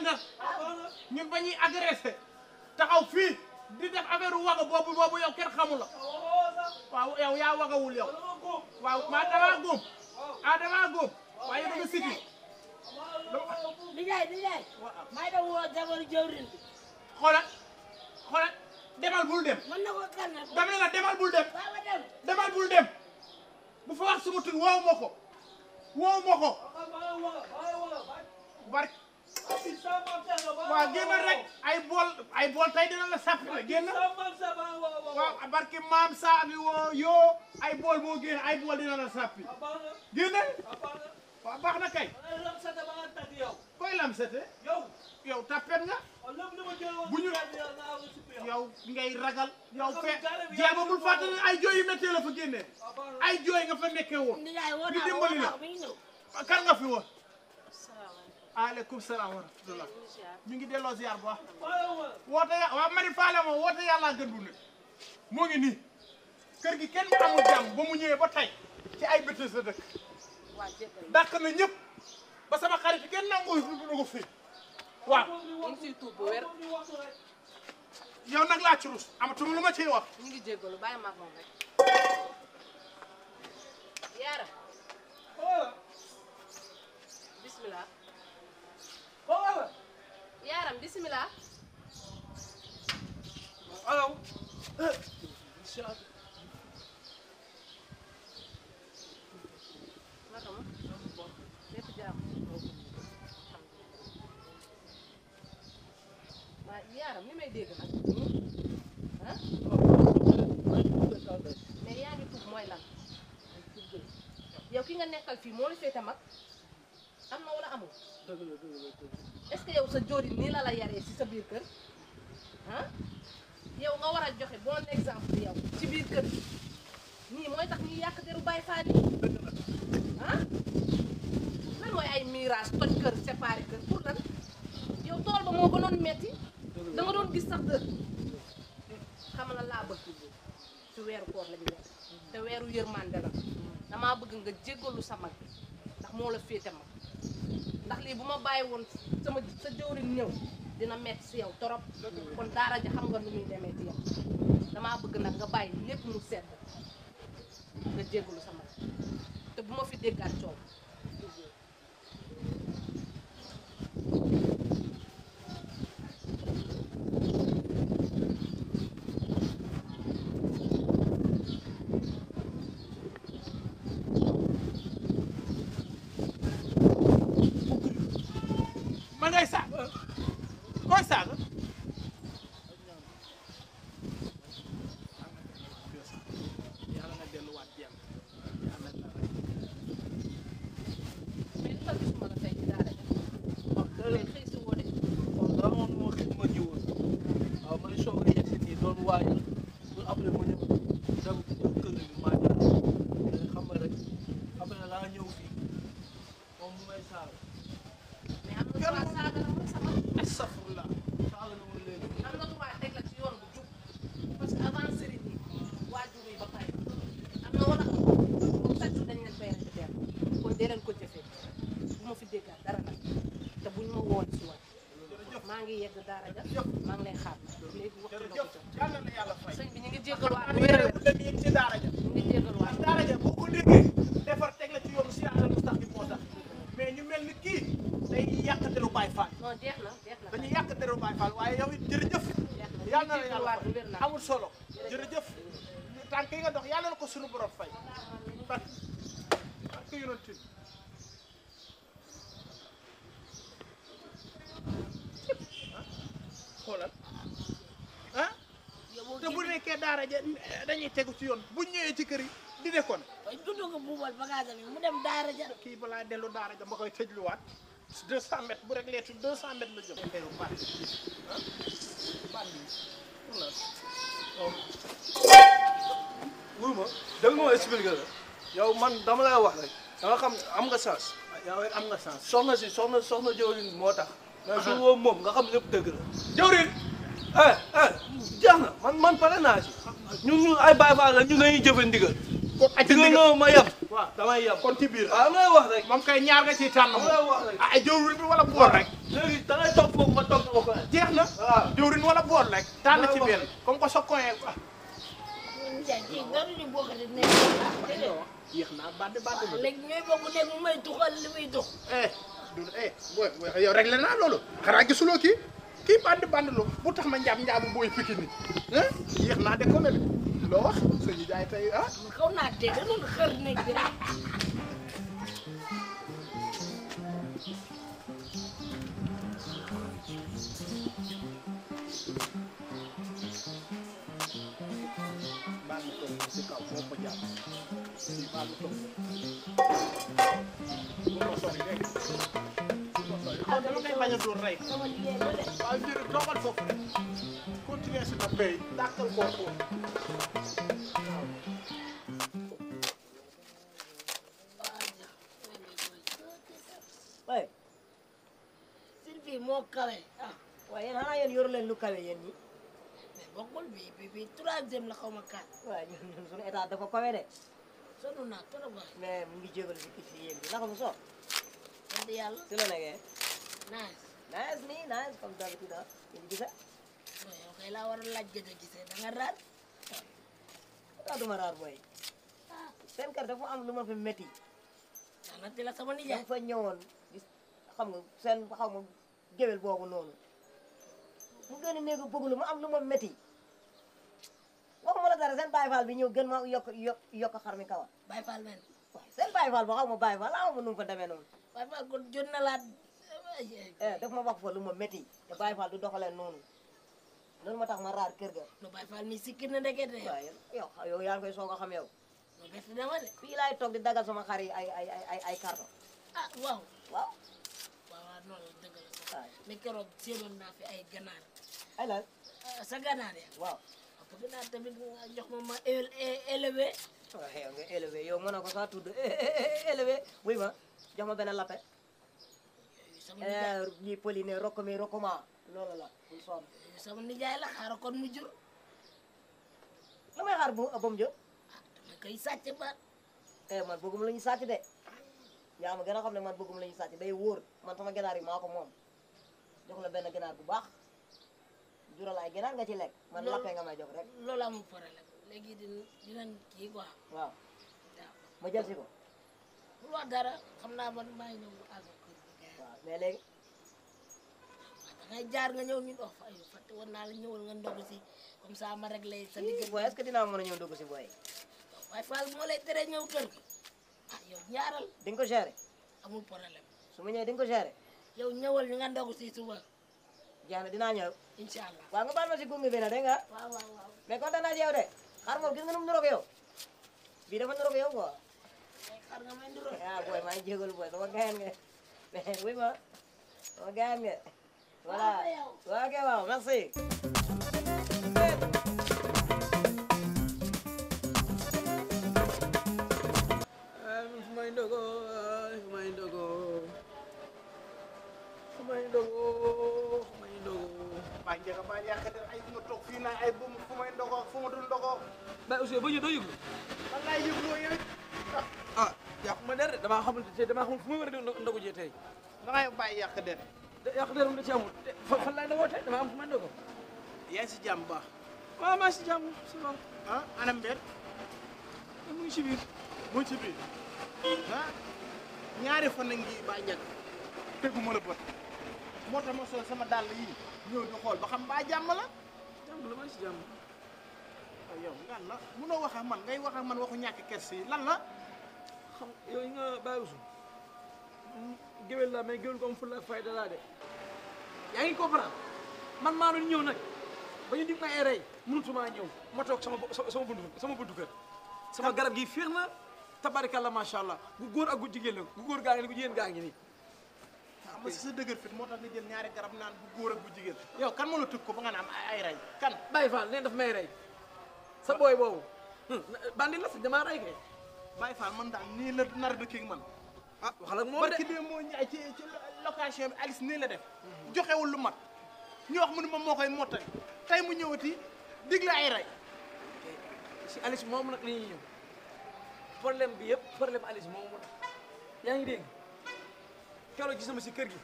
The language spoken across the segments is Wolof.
àndal ñun ba ñuy agressé taxaw fii di def affaire waga boobu boobu yow kenn xamu yow yaa wagawul yow waaw maa damaa góob ah damaa góob waaye dama siti li jaay li jaay may da woo dem mën na ko dama bul dem demal bul dem bu fa wax suma tur woowu ma ko woowu ma ko waaw génn rek ay bool ay bool tey dina la sàpp la génn waaw barki maam saa bi woo yoo ay bool moo génn ay bool dina la sàppi génn waaw baax na kay koy lamsate yow yow tappet nga oh, bu ñu yow ngay ragal yow fe jéema bul fàttali ay jooy yu méttee la fa génnee ah, ay jooy nga fa nekkee woon di dimbali la kan nga fi woon aleykum salaam wa ngi delloo ziar bu faale moom woote yàllaa gën du ne moo ngi nii kër gi kenn amul jàmm ba mu ñëwee ba tey ci ay bétis la dëkk dàq na ñëpp ba sama xarit kenn nangu dugg fii waaw yow nag laa ci rus amatuma lu ma ci wax ñu ngi jéggalu bàyyi yaaram bisimilah. allo. naka yaaram li may dégg nag. ah. yaa ngi tuub mooy lan. yow ki nga nekkal fii moo la féete mag. am na wala amul. dëgg la yow sa joorin nii la la yaree si sa biir kër ah yow nga war a joxe bon exemple yow ci biir kër gi nii mooy tax ñuy yàq deru Baay Faal yi ah mooy ay mirage toj kër séparé kër pour lan yow tool ba moo gënoon metti da doon gis sax dër xam na laa bëgg ci weeru koor la ñu nekk te weeru yërmande la damaa bëgg nga jéggalu sa mag ndax moo la féete mag ndax lii bu ma bàyyi woon sama sa jëwriñ ñëw dina metti si yow torop kon daara ja xam nga nu muy demee ti yow damaa bëgg nag nga bàyyi lépp lu sedd nga jégalu sama te bu ma fi déggaat coow maa ngi yegg daara ja maa ngi lay xaar léegi waxtu la ko jox sëñ bi ñu ngi jéggal waat daara ja dañuy tegu ci yoon bu ñëwee ci kër yi di dekkoon. waaye dundu nga buubal bagage bi mu dem daara ja. kii balaa dellu daara ja ma koy tëjluwaat 200 mètres bu rek leetu 200 mètres la jëm. tey bu baax ma dégg nga ma expliqué yow man dama lay wax rek da xam am nga chance. yow am nga chance. soxna si soxna soxna jëwriñ moo tax. mais jour boobu moom nga xam lépp dëgg la. jëwriñ eh, eh! man man pare naa si ñun ñun ay Baay Faal la ñu dañuy jëfe ndigal. kon ay ndigal nga ma yab. waaw damay yab kon ci biir la. waaw ngay wax rek. moom kay ñaar nga ciy tànn moom. Ah, ay jëwrin bi wala boor rek. léegi da ngay topp foofu ma topp ma ko. jeex na waaw ah. jëwrin wala boor rek. tànn ci benn comme que sa koyee quoi. yéex naa bàdd bàdd bi. Ah, léegi ñooy bokk nekk mu may tuxal li muy tux. eh du eh booy yow rek la naa loolu. xanaa gisuloo kii. kii band band lu bu tax ma njaab njaabu booy pikin ni yéex naa de ko ne de loo wax suñu jaay tey ah. xaw naa dégg loolu xër nañ de. band toog si kaw boo ko jàpp si band toog bu ma man dama koy bañ a dóor rey waaye njëriñ toogal foofu rek waaye sëñ moo kawe ah waaye yéen xanaa yéen lu kawe yéen ñi mais bokkul bi bi bi ma quatre waaw ñun suñu état dafa kawe de sonn naa trop mais mu ngi jégalu si kii bi naka mu soo sant yàlla si la nekkee naaj. naaj mi naaj comme d'habitude ah ñu ngi laa war a laaj gëj a gisee da nga raar. waaw du ma raar booy. ah seen kër dafa am lu ma fa métti. daanaka ah, dina sama nijaay da nga fa ñëwoon xam nga seen xaw ma géwél boobu noonu. mu gën a néegu bëgg lu mu am lu ma métti. waxuma la dara seen Baye Fall bi ñëw gën ma yokk yokk xar mi kawa. Baye Fall men waaw seen Baye Fall ba xaw ma Baye Fall ah ma nu fa demee noonu. waaw kon jot na laa. Eh, daf ma wax fa lu ma métti te Baye Fall du doxalee noonu loolu ma tax ma raar kër ga. no Baye Fall mi sikkir na ndeket yow. yow yow yaa ngi koy soog a xam yow. loolu bett na toog di dagal sama xar yi ay ay ah waaw. waaw. waaw ah, ah, tamit jox ma ma élevé. yow nga élevé yow mën tudd élevé wuy ma jox ma benn lappe. sama nijaay lii pëli ne rokk mi rokkuma loolu la bul sonn. Eh, sama nijaay la xaaral kon mu jur. la may xaar bu abam jë. ah dama koy sàcc ba. eh man bëggum la ñu de. yaa ma gën a xam ne man bëggum la ñu sàcc day wóor man sama ganaar yi maa ko moom jox la benn ganaar bu baax jural ay ganaar nga ci lekk. man lappee nga may jox rek. loolu amul problème léegi dinañ dinañ kii quoi. waaw ma jël si ko. bu wax dara xam naa man maa ngi ñëw mais léegi dangay jaar nga ñëw ñu dox fa aywa fàtte woon naa la ñëwal nga ndog si comme ça ma sa digg booy est-ce que dinaa mën a ñëw ndog si booy waaye Fall moo tere ñëw kër ah yow ñaaral di nga ko gérer amul problème su ma ñëwee di ko gérer yow ñëwal ñu nga ndog si suba jaana dinaa ñëw incha allah waaw nga baal ma si gunge bi na dégg nga waaw de xar moom gis nga nu mu yow bii dafa niroog yow quoi xar nga may ah, booy maa ngi booy sama gayan nga oui, bon. On gagne. Voilà. Ok, bon, merci. Fumay ndogo, fumay ndogo, fumay ndogo, fumay ndogo. Ba njëkk ba yaakaar ne ay nga toog fii naa ay bu fumay ndogo fu ma dul ndogo. Ba aussi ba ñu doo yëglu. Wallaay yëglu yow yàqu ma der de damaa xamul te damaa xamul fu muy war a ndogu jee tey. da ngay bàyyi yàq der. yàq der mu da ci amul fan laay ndogoo tey damaa am fu may ndogoo. yaa ngi si jàmm baax. waaw maa ngi si jàmm si waaw. ah anam mbeer. mu ah, ñaari fan ngi ba njëkk. tegu ma la bët. moo tax ma sol sama dàll yi ñëw di xool ba xam ba jàmm la. jàmm la maa si jàmm. waaw ah, yow lan la munoo wax ak man ngay wax ak man waxu ñàkk kersi lan la. xam yow yi nga bàyyi su géwél la mais géwél ko am fu la de yaa ngi comprendre man maa doon ñëw nag ba ñu dig ma ay rey mënutuma ñëw ma toog sama sama buntu sama buntu kër sama garab gi féex na tabarikàlla macha allah gu góor ak gu jigéen la gu góor gaa ngi ni gu gaa ngi ni ah, si sa dëgër fit moo tax nga jël ñaari garab naan bu góor ak bu jigéen yow kan moo la tëgg ko ba nga naan ay rey kan bàyyi fan leen daf may rey sa booy boobu hmm, bandi la si damaa rey kay Baye Fall man daal nii la nar a kii man. ah wax la moo de barki moo ñaay ci ci location bi Alice nii la def. joxewul lu mat ñu wax mu ne moom moo koy mottali tey mu ñëwati digle ay rey. si Alice moom na la ñuy ñëw bi yëpp problème Alice moomu la yaa ngi dégg keroog gis na si kër gi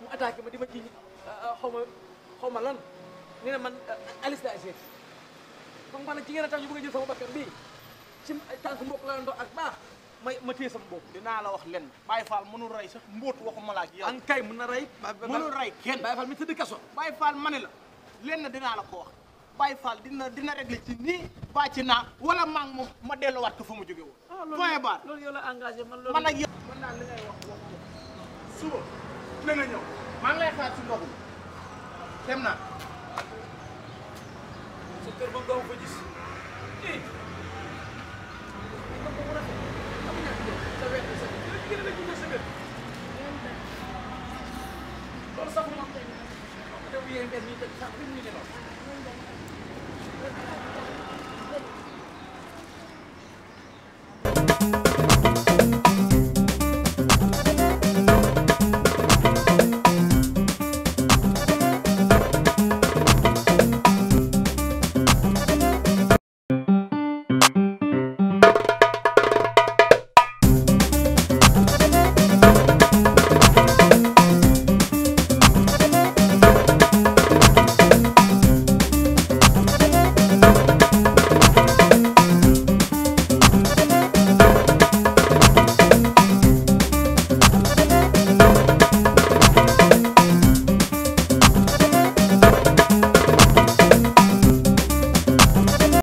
mu attaqué ma di ma ji ah, ah, xaw ma lan nee na man ah, Alice laa seet. xam nga nag jigéen a tax ñu bëgg a jël sama bakkan bii. ci tànk mbokk la doon ak baax ma ma téye sama bopp dinaa la wax lenn Baye Fall mënul rey sax mbóot waxuma laa ak yow an kay mën na rey mënul rey kenn Baye Fall mi tëdd ma ne la lenn dinaa la ko wax Baye Fall dina dina réglé ci nii baa ci naa wala maa ma delluwaat ko fa mu jóge woon ah, point barre loolu yow la engagé man loolu man lay xaar ci ndox mi dem naa sa kër ba nga ko gis Thank you.